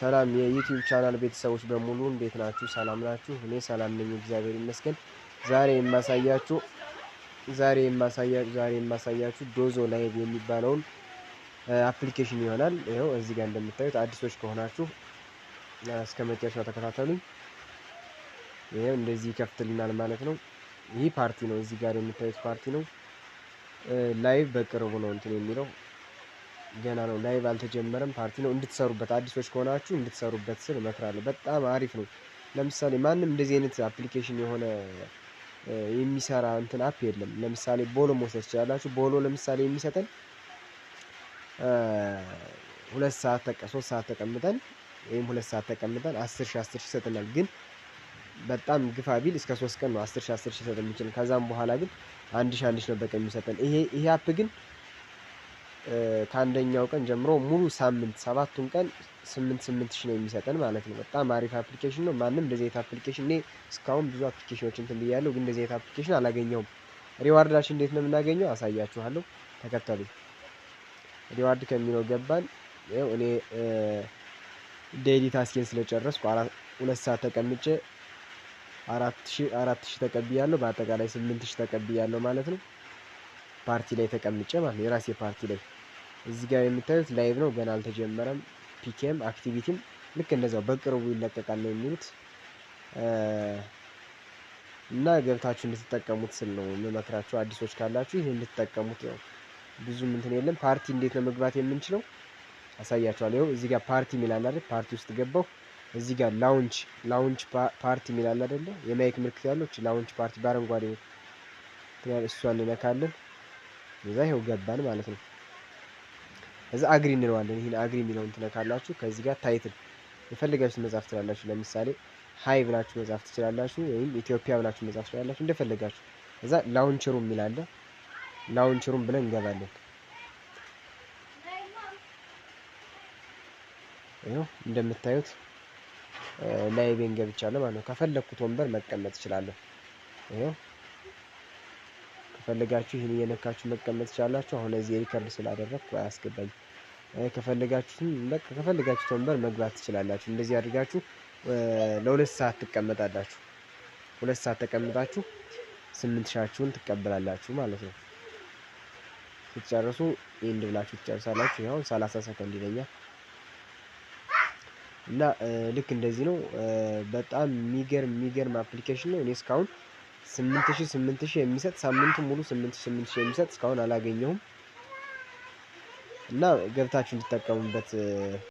ሰላም የዩቲዩብ ቻናል ቤተሰቦች በሙሉ እንዴት ናችሁ? ሰላም ናችሁ? እኔ ሰላም ነኝ፣ እግዚአብሔር ይመስገን። ዛሬ የማሳያችሁ ዛሬ የማሳያችሁ ዛሬ የማሳያችሁ ዶዞ ላይቭ የሚባለውን አፕሊኬሽን ይሆናል። ይኸው እዚህ ጋር እንደምታዩት አዲሶች ከሆናችሁ እስከ መጨረሻው ተከታተሉኝ። ይሄው እንደዚህ ይከፍትልናል ማለት ነው። ይህ ፓርቲ ነው፣ እዚህ ጋር የምታዩት ፓርቲ ነው። ላይቭ በቅርቡ ነው እንትን የሚለው ገና ነው፣ ላይቭ አልተጀመረም። ፓርቲ ነው እንድትሰሩበት፣ አዲሶች ከሆናችሁ እንድትሰሩበት ስል እመክራለሁ። በጣም አሪፍ ነው። ለምሳሌ ማንም እንደዚህ አይነት አፕሊኬሽን የሆነ የሚሰራ እንትን አፕ የለም። ለምሳሌ ቦሎ መውሰድ ትችላላችሁ። ቦሎ ለምሳሌ የሚሰጠን ሁለት ሰዓት ተቀ ሶስት ሰዓት ተቀምጠን ወይም ሁለት ሰዓት ተቀምጠን አስር ሺ አስር ሺ ይሰጠናል። ግን በጣም ግፋ ቢል እስከ ሶስት ቀን ነው አስር ሺ አስር ሺ ይሰጥ የሚችል። ከዛም በኋላ ግን አንድ ሺ አንድ ሺ ነው በቀን የሚሰጠን። ይሄ ይሄ አፕ ግን ከአንደኛው ቀን ጀምሮ ሙሉ ሳምንት ሰባቱን ቀን ስምንት ስምንት ሺ ነው የሚሰጠን ማለት ነው። በጣም አሪፍ አፕሊኬሽን ነው። ማንም እንደዚህ አይነት አፕሊኬሽን እኔ እስካሁን ብዙ አፕሊኬሽኖችን እንትን ብያለሁ፣ ግን እንደዚህ አይነት አፕሊኬሽን አላገኘውም። ሪዋርዳችን እንዴት ነው የምናገኘው? አሳያችኋለሁ። ተከተሉ። ሪዋርድ ከሚለው ገባን። ይኸው እኔ ዴይሊ ታስኬን ስለጨረስኩ ሁለት ሰዓት ተቀምጬ አራት ሺ ተቀብያለሁ። በአጠቃላይ ስምንት ሺ ተቀብያለሁ ማለት ነው። ፓርቲ ላይ ተቀምጨ ማለት ነው፣ የራሴ ፓርቲ ላይ። እዚህ ጋር የምታዩት ላይቭ ነው፣ ገና አልተጀመረም። ፒኬም አክቲቪቲም ልክ እንደዛው በቅርቡ ይለቀቃል ነው የሚሉት እና ገብታችሁ እንድትጠቀሙት ስል ነው የምመክራችሁ። አዲሶች ካላችሁ ይህ እንድትጠቀሙት ነው። ብዙም እንትን የለም። ፓርቲ እንዴት ነው መግባት የምንችለው አሳያችኋለሁ። ይኸው እዚህ ጋር ፓርቲ የሚላል አይደል? ፓርቲ ውስጥ ገባሁ። እዚህ ጋር ላውንች ላውንች ፓርቲ የሚላል አይደለ? የማይክ ምልክት ያለች ላውንች ፓርቲ በአረንጓዴ እሷን እንነካለን። እዛ ይሄው ገባን ማለት ነው። እዛ አግሪ እንለዋለን። ይሄን አግሪ የሚለውን ትነካላችሁ። ከዚህ ጋር ታይትል የፈለጋችሁ መጻፍ ትችላላችሁ። ለምሳሌ ሀይ ብላችሁ መጻፍ ትችላላችሁ፣ ወይም ኢትዮጵያ ብላችሁ መጻፍ ትችላላችሁ፣ እንደፈለጋችሁ። እዛ ላውንቸሩ የሚል አለ። ላውንቸሩም ብለን እንገባለን። ይኸው እንደምታዩት ላይቤን ገብቻለሁ ማለት ነው። ከፈለግኩት ወንበር መቀመጥ እችላለሁ። ይኸው ከፈለጋችሁ ይህን እየነካችሁ መቀመጥ ትችላላችሁ። አሁን እዚህ ሪከርድ ስላደረግኩ አያስገባኝ። ከፈለጋችሁትም በቃ ወንበር መግባት ትችላላችሁ። እንደዚህ አድርጋችሁ ለሁለት ሰዓት ትቀመጣላችሁ። ሁለት ሰዓት ተቀምጣችሁ ስምንት ሻችሁን ትቀበላላችሁ ማለት ነው። ስትጨርሱ ኢንድ ብላችሁ ትጨርሳላችሁ። ያው ሰላሳ ሰከንድ ይለኛል እና ልክ እንደዚህ ነው። በጣም የሚገርም የሚገርም አፕሊኬሽን ነው። እኔ እስካሁን ስምንት ሺህ ስምንት ሺህ የሚሰጥ ሳምንቱ ሙሉ ስምንት ሺህ ስምንት ሺህ የሚሰጥ እስካሁን አላገኘሁም እና ገብታችሁ እንድጠቀሙበት